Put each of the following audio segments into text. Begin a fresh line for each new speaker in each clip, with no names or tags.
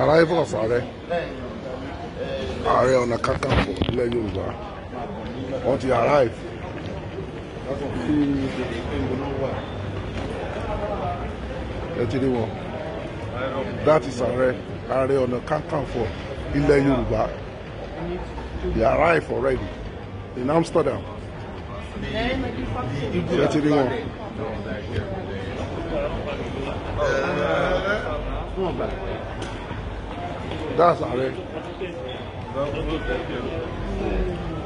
arrival of ààrẹ ààrẹ ọ̀nà kakanfò ilẹ̀ yorùbá wọ́n ti arrive. ẹ ti rí wọn that is ààrẹ ààrẹ ọ̀nà kakanfò ilẹ̀ yorùbá they arrive already in Amsterdam ẹ ti rí wọn. not bad. That's ààrẹ.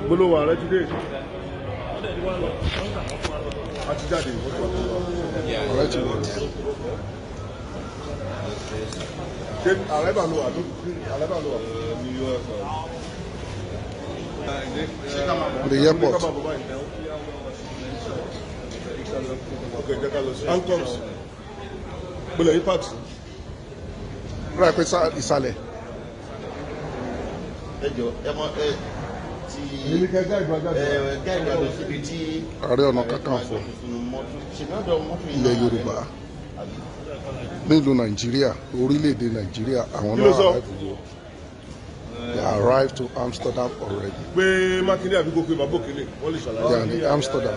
Gbólóhùn ààrẹ ti dé. A ti jáde ìwọ́tọ̀ ààrẹ ti wọ̀. Ṣé ààrẹ bá lo àdó? Ààrẹ bá lo àdó? The airport. Okay, jẹ́ ká lọ sí. Ancoms. Gbọ́dọ̀ yí pàtì rà pé ìsàlẹ̀. ẹ jọ ẹ mọ ẹ ti ẹ gáìdì àdó síbi tí. ààrẹ ọ̀nà kakanfò ilẹ̀ yorùbá nílùú nàìjíríà orílẹ̀-èdè nàìjíríà àwọn náà arrive to they arrived to amsterdam already. pé mákindé àbí kò pé bàbá òkèlè wọ́n lè ṣàlàyé. they are in amsterdam.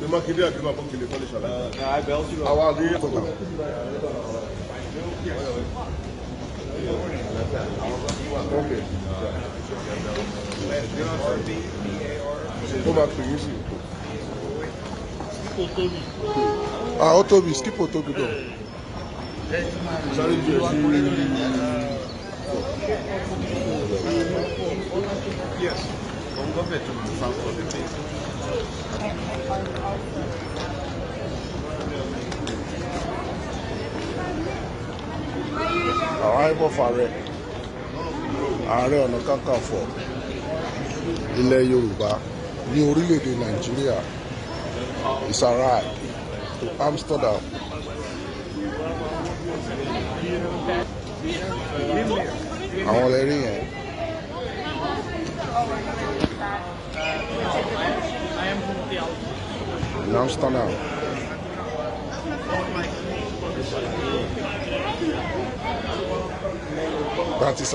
pé mákindé àbí bàbá òkèlè wọ́n lè ṣàlàyé. àwa lè amsterdam. ó máa ah, skip ó tóbi gan. sáré bí ẹ sí Yes, òun gbọ́dọ̀ tó ní fáwọn ọdún tẹ̀. àwọn àìbọ̀fà rẹ̀ ààrẹ ọ̀nà kakanfò ilẹ̀ Yorùbá ní orílẹ̀-èdè Nàìjíríà is arrived to Amsterdam. àwọn lè rí yẹn. in Amsterdam. That is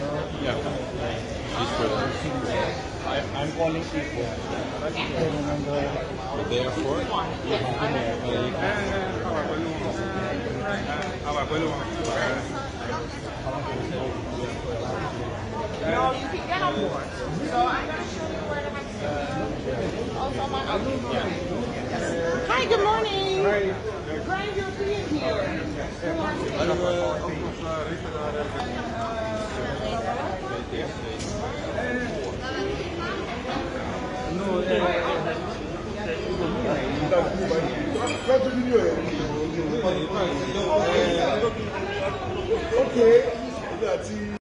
I, am calling people. No, you can get on board. So I'm going to show you where to Hi, good morning. Great. you're being here. Fẹ́tú fídíò yẹn. Ok.